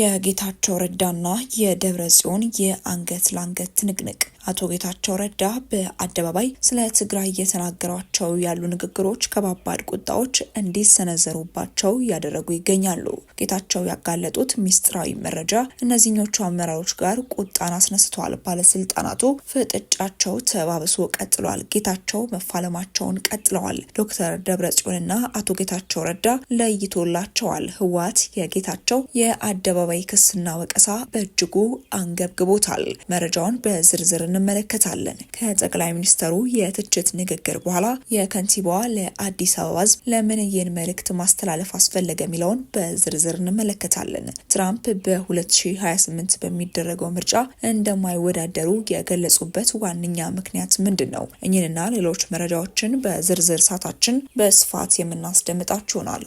የጌታቸው ረዳና የደብረ ጽዮን የአንገት ለአንገት ትንቅንቅ። አቶ ጌታቸው ረዳ በአደባባይ ስለ ትግራይ እየተናገሯቸው ያሉ ንግግሮች ከባባድ ቁጣዎች እንዲሰነዘሩባቸው እያደረጉ ይገኛሉ። ጌታቸው ያጋለጡት ሚስጥራዊ መረጃ እነዚህኞቹ አመራሮች ጋር ቁጣን አስነስተዋል። ባለስልጣናቱ ፍጥጫቸው ተባብሶ ቀጥሏል። ጌታቸው መፋለማቸውን ቀጥለዋል። ዶክተር ደብረ ጽዮንና አቶ ጌታቸው ረዳ ለይቶላቸዋል። ህወሓት የጌታቸው የአደባባይ አደባባይ ክስና ወቀሳ በእጅጉ አንገብግቦታል። መረጃውን በዝርዝር እንመለከታለን። ከጠቅላይ ሚኒስተሩ የትችት ንግግር በኋላ የከንቲባዋ ለአዲስ አበባ ህዝብ ለምን ይህን መልእክት ማስተላለፍ አስፈለገ የሚለውን በዝርዝር እንመለከታለን። ትራምፕ በ2028 በሚደረገው ምርጫ እንደማይወዳደሩ የገለጹበት ዋነኛ ምክንያት ምንድን ነው? እኚህንና ሌሎች መረጃዎችን በዝርዝር ሰዓታችን በስፋት የምናስደምጣችሁ ይሆናሉ።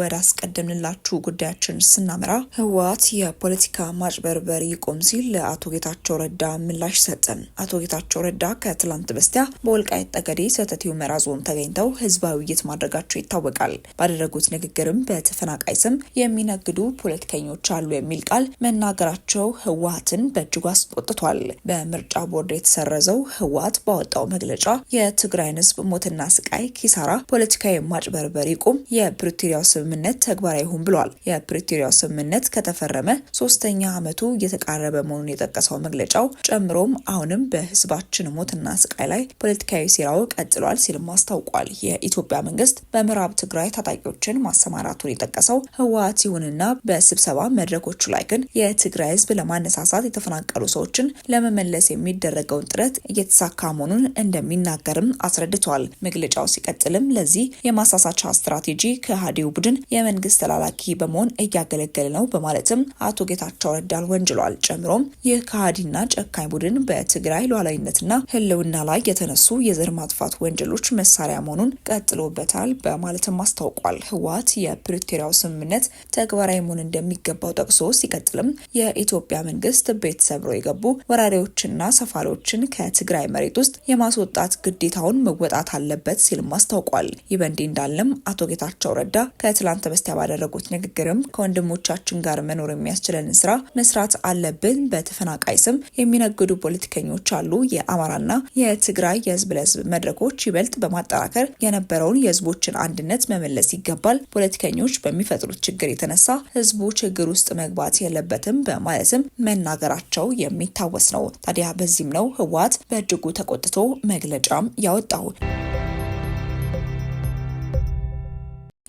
ወደ አስቀደምንላችሁ ጉዳያችን ስናመራ ህወሓት የፖለቲካ ማጭበርበር ይቁም ሲል ለአቶ ጌታቸው ረዳ ምላሽ ሰጠ። አቶ ጌታቸው ረዳ ከትላንት በስቲያ በወልቃይት ጠገዴ ሰተት ሁመራ ዞን ተገኝተው ህዝባዊ ውይይት ማድረጋቸው ይታወቃል። ባደረጉት ንግግርም በተፈናቃይ ስም የሚነግዱ ፖለቲከኞች አሉ የሚል ቃል መናገራቸው ህወሓትን በእጅጉ አስቆጥቷል። በምርጫ ቦርድ የተሰረዘው ህወሓት ባወጣው መግለጫ የትግራይን ህዝብ ሞትና ስቃይ ኪሳራ፣ ፖለቲካዊ ማጭበርበር ይቁም፣ የፕሪቶሪያው ስምምነት ተግባራዊ ይሁን ብለዋል። የፕሪቶሪያው ስምምነት ከተፈረመ ሶስተኛ ዓመቱ እየተቃረበ መሆኑን የጠቀሰው መግለጫው ጨምሮም አሁንም በህዝባችን ሞትና ስቃይ ላይ ፖለቲካዊ ሴራው ቀጥሏል ሲልም አስታውቋል። የኢትዮጵያ መንግስት በምዕራብ ትግራይ ታጣቂዎችን ማሰማራቱን የጠቀሰው ህወሓት ይሁንና በስብሰባ መድረኮቹ ላይ ግን የትግራይ ህዝብ ለማነሳሳት የተፈናቀሉ ሰዎችን ለመመለስ የሚደረገውን ጥረት እየተሳካ መሆኑን እንደሚናገርም አስረድቷል። መግለጫው ሲቀጥልም ለዚህ የማሳሳቻ ስትራቴጂ ከሃዲው ቡድን ግን የመንግስት ተላላኪ በመሆን እያገለገለ ነው በማለትም አቶ ጌታቸው ረዳን ወንጅሏል። ጨምሮም ይህ ከሃዲና ጨካኝ ቡድን በትግራይ ሉዓላዊነትና ህልውና ላይ የተነሱ የዘር ማጥፋት ወንጀሎች መሳሪያ መሆኑን ቀጥሎበታል በማለትም አስታውቋል። ህወሓት የፕሪቶሪያው ስምምነት ተግባራዊ መሆን እንደሚገባው ጠቅሶ ሲቀጥልም የኢትዮጵያ መንግስት ቤት ሰብሮ የገቡ ወራሪዎችና ሰፋሪዎችን ከትግራይ መሬት ውስጥ የማስወጣት ግዴታውን መወጣት አለበት ሲልም አስታውቋል። ይህ በእንዲህ እንዳለም አቶ ጌታቸው ረዳ ከት ከትላንት በስቲያ ባደረጉት ንግግርም ከወንድሞቻችን ጋር መኖር የሚያስችለንን ስራ መስራት አለብን። በተፈናቃይ ስም የሚነግዱ ፖለቲከኞች አሉ። የአማራና የትግራይ የህዝብ ለህዝብ መድረኮች ይበልጥ በማጠናከር የነበረውን የህዝቦችን አንድነት መመለስ ይገባል። ፖለቲከኞች በሚፈጥሩት ችግር የተነሳ ህዝቡ ችግር ውስጥ መግባት የለበትም በማለትም መናገራቸው የሚታወስ ነው። ታዲያ በዚህም ነው ህወሓት በእጅጉ ተቆጥቶ መግለጫም ያወጣው።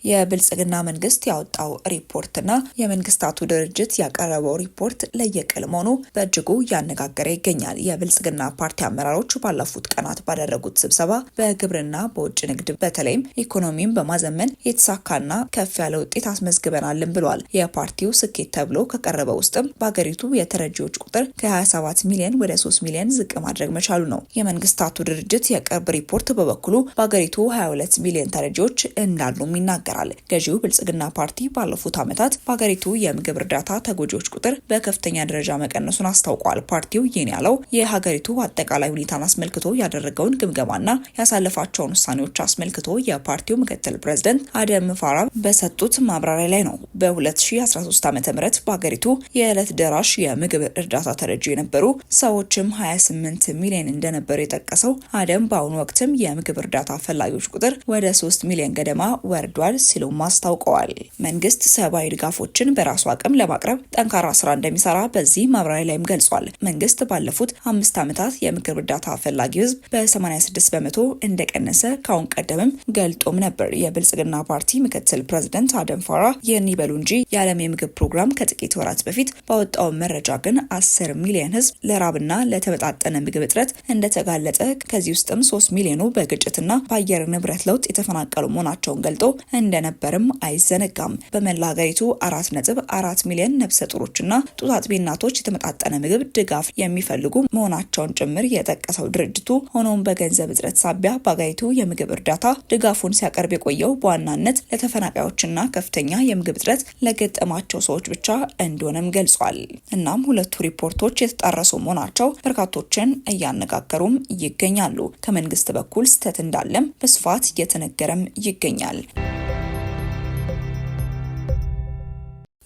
የብልጽግና መንግስት ያወጣው ሪፖርትና የመንግስታቱ ድርጅት ያቀረበው ሪፖርት ለየቅል መሆኑ በእጅጉ እያነጋገረ ይገኛል። የብልጽግና ፓርቲ አመራሮች ባለፉት ቀናት ባደረጉት ስብሰባ በግብርና፣ በውጭ ንግድ፣ በተለይም ኢኮኖሚን በማዘመን የተሳካና ከፍ ያለ ውጤት አስመዝግበናልን ብሏል። የፓርቲው ስኬት ተብሎ ከቀረበ ውስጥም በአገሪቱ የተረጂዎች ቁጥር ከ27 ሚሊዮን ወደ 3 ሚሊዮን ዝቅ ማድረግ መቻሉ ነው። የመንግስታቱ ድርጅት የቅርብ ሪፖርት በበኩሉ በአገሪቱ 22 ሚሊዮን ተረጂዎች እንዳሉም ይናገራል። ይናገራል። ገዢው ብልጽግና ፓርቲ ባለፉት ዓመታት በሀገሪቱ የምግብ እርዳታ ተጎጂዎች ቁጥር በከፍተኛ ደረጃ መቀነሱን አስታውቋል። ፓርቲው ይህን ያለው የሀገሪቱ አጠቃላይ ሁኔታን አስመልክቶ ያደረገውን ግምገማና ያሳለፋቸውን ውሳኔዎች አስመልክቶ የፓርቲው ምክትል ፕሬዝደንት አደም ፋራ በሰጡት ማብራሪያ ላይ ነው። በ2013 ዓ ም በሀገሪቱ የዕለት ደራሽ የምግብ እርዳታ ተረጂ የነበሩ ሰዎችም 28 ሚሊዮን እንደነበሩ የጠቀሰው አደም በአሁኑ ወቅትም የምግብ እርዳታ ፈላጊዎች ቁጥር ወደ 3 ሚሊዮን ገደማ ወርዷል ሲሉም አስታውቀዋል። መንግስት ሰብአዊ ድጋፎችን በራሱ አቅም ለማቅረብ ጠንካራ ስራ እንደሚሰራ በዚህ ማብራሪያ ላይም ገልጿል። መንግስት ባለፉት አምስት ዓመታት የምግብ እርዳታ ፈላጊ ህዝብ በ86 በመቶ እንደቀነሰ ካሁን ቀደምም ገልጦም ነበር። የብልጽግና ፓርቲ ምክትል ፕሬዚደንት አደም ፋራ ይህን ይበሉ እንጂ የዓለም የምግብ ፕሮግራም ከጥቂት ወራት በፊት ባወጣው መረጃ ግን አስር ሚሊዮን ህዝብ ለራብና ለተመጣጠነ ምግብ እጥረት እንደተጋለጠ ከዚህ ውስጥም ሶስት ሚሊዮኑ በግጭትና በአየር ንብረት ለውጥ የተፈናቀሉ መሆናቸውን ገልጦ እንደነበርም አይዘነጋም። በመላ ሀገሪቱ አራት ነጥብ አራት ሚሊዮን ነፍሰ ጡሮችና ጡት አጥቢ እናቶች የተመጣጠነ ምግብ ድጋፍ የሚፈልጉ መሆናቸውን ጭምር የጠቀሰው ድርጅቱ ሆኖም በገንዘብ እጥረት ሳቢያ በሀገሪቱ የምግብ እርዳታ ድጋፉን ሲያቀርብ የቆየው በዋናነት ለተፈናቃዮችና ከፍተኛ የምግብ እጥረት ለገጠማቸው ሰዎች ብቻ እንደሆነም ገልጿል። እናም ሁለቱ ሪፖርቶች የተጣረሱ መሆናቸው በርካቶችን እያነጋገሩም ይገኛሉ። ከመንግስት በኩል ስህተት እንዳለም በስፋት እየተነገረም ይገኛል።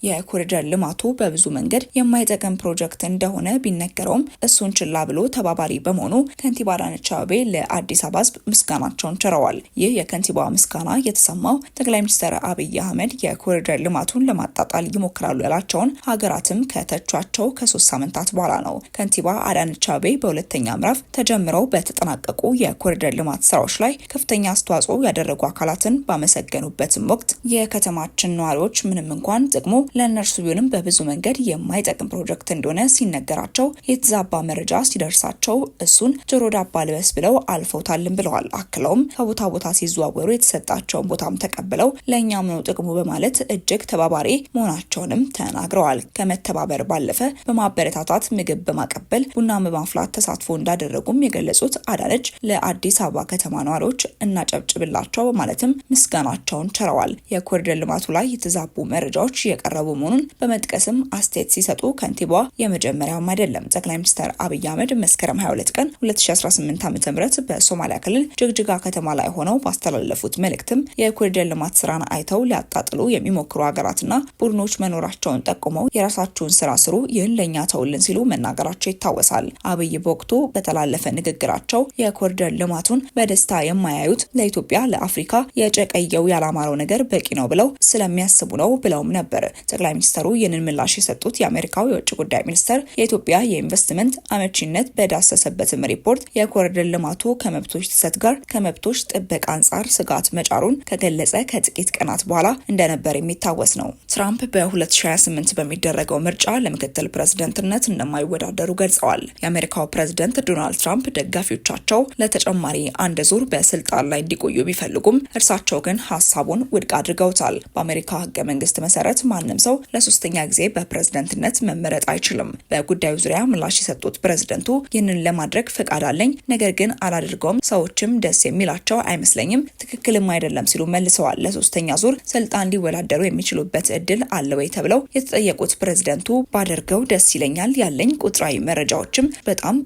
የኮሪደር ልማቱ በብዙ መንገድ የማይጠቅም ፕሮጀክት እንደሆነ ቢነገረውም እሱን ችላ ብሎ ተባባሪ በመሆኑ ከንቲባ አዳነች አቤቤ ለአዲስ አበባ ህዝብ ምስጋናቸውን ችረዋል። ይህ የከንቲባዋ ምስጋና የተሰማው ጠቅላይ ሚኒስትር አብይ አህመድ የኮሪደር ልማቱን ለማጣጣል ይሞክራሉ ያላቸውን ሀገራትም ከተቿቸው ከሶስት ሳምንታት በኋላ ነው። ከንቲባ አዳነች አቤቤ በሁለተኛ ምዕራፍ ተጀምረው በተጠናቀቁ የኮሪደር ልማት ስራዎች ላይ ከፍተኛ አስተዋጽኦ ያደረጉ አካላትን ባመሰገኑበትም ወቅት የከተማችን ነዋሪዎች ምንም እንኳን ጥቅሙ ለእነርሱ ቢሆንም በብዙ መንገድ የማይጠቅም ፕሮጀክት እንደሆነ ሲነገራቸው የተዛባ መረጃ ሲደርሳቸው እሱን ጆሮ ዳባ ልበስ ብለው አልፈውታልን ብለዋል። አክለውም ከቦታ ቦታ ሲዘዋወሩ የተሰጣቸውን ቦታም ተቀብለው ለእኛ ነው ጥቅሙ በማለት እጅግ ተባባሪ መሆናቸውንም ተናግረዋል። ከመተባበር ባለፈ በማበረታታት ምግብ በማቀበል ቡና በማፍላት ተሳትፎ እንዳደረጉም የገለጹት አዳነች ለአዲስ አበባ ከተማ ነዋሪዎች እናጨብጭብላቸው በማለትም ምስጋናቸውን ቸረዋል። የኮሪደር ልማቱ ላይ የተዛቡ መረጃዎች የቀረ እየቀረቡ መሆኑን በመጥቀስም አስተያየት ሲሰጡ ከንቲባዋ የመጀመሪያውም አይደለም። ጠቅላይ ሚኒስትር አብይ አህመድ መስከረም 22 ቀን 2018 ዓ ም በሶማሊያ ክልል ጅግጅጋ ከተማ ላይ ሆነው ባስተላለፉት መልእክትም የኮሪደር ልማት ስራን አይተው ሊያጣጥሉ የሚሞክሩ ሀገራትና ቡድኖች መኖራቸውን ጠቁመው የራሳችሁን ስራ ስሩ፣ ይህን ለእኛ ተውልን ሲሉ መናገራቸው ይታወሳል። አብይ በወቅቱ በተላለፈ ንግግራቸው የኮሪደር ልማቱን በደስታ የማያዩት ለኢትዮጵያ ለአፍሪካ የጨቀየው ያላማረው ነገር በቂ ነው ብለው ስለሚያስቡ ነው ብለውም ነበር። ጠቅላይ ሚኒስተሩ ይህንን ምላሽ የሰጡት የአሜሪካው የውጭ ጉዳይ ሚኒስተር የኢትዮጵያ የኢንቨስትመንት አመቺነት በዳሰሰበትም ሪፖርት የኮሪደር ልማቱ ከመብቶች ጥሰት ጋር ከመብቶች ጥበቃ አንጻር ስጋት መጫሩን ከገለጸ ከጥቂት ቀናት በኋላ እንደነበር የሚታወስ ነው። ትራምፕ በ2028 በሚደረገው ምርጫ ለምክትል ፕሬዝደንትነት እንደማይወዳደሩ ገልጸዋል። የአሜሪካው ፕሬዝደንት ዶናልድ ትራምፕ ደጋፊዎቻቸው ለተጨማሪ አንድ ዙር በስልጣን ላይ እንዲቆዩ ቢፈልጉም እርሳቸው ግን ሀሳቡን ውድቅ አድርገውታል። በአሜሪካ ህገ መንግስት መሰረት ማንም ሰው ለሶስተኛ ጊዜ በፕሬዝደንትነት መመረጥ አይችልም። በጉዳዩ ዙሪያ ምላሽ የሰጡት ፕሬዝደንቱ ይህንን ለማድረግ ፈቃድ አለኝ፣ ነገር ግን አላደርገውም፣ ሰዎችም ደስ የሚላቸው አይመስለኝም፣ ትክክልም አይደለም ሲሉ መልሰዋል። ለሶስተኛ ዙር ስልጣን ሊወዳደሩ የሚችሉበት እድል አለ ወይ ተብለው የተጠየቁት ፕሬዝደንቱ ባደርገው ደስ ይለኛል፣ ያለኝ ቁጥራዊ መረጃዎችም በጣም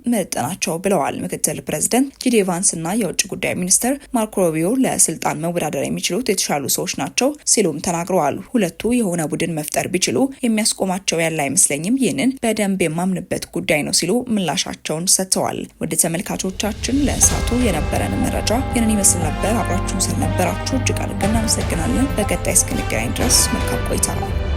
ናቸው ብለዋል። ምክትል ፕሬዝደንት ጂዲ ቫንስ እና የውጭ ጉዳይ ሚኒስትር ማርኮ ለስልጣን መወዳደር የሚችሉት የተሻሉ ሰዎች ናቸው ሲሉም ተናግረዋል። ሁለቱ የሆነ ቡድን መፍጠር ቢችሉ የሚያስቆማቸው ያለ አይመስለኝም። ይህንን በደንብ የማምንበት ጉዳይ ነው ሲሉ ምላሻቸውን ሰጥተዋል። ወደ ተመልካቾቻችን ለእሳቱ የነበረን መረጃ ይህንን ይመስል ነበር። አብራችሁን ስለነበራችሁ እጅግ አድርገን እናመሰግናለን። በቀጣይ እስክንገናኝ ድረስ መልካም ቆይታ ነው።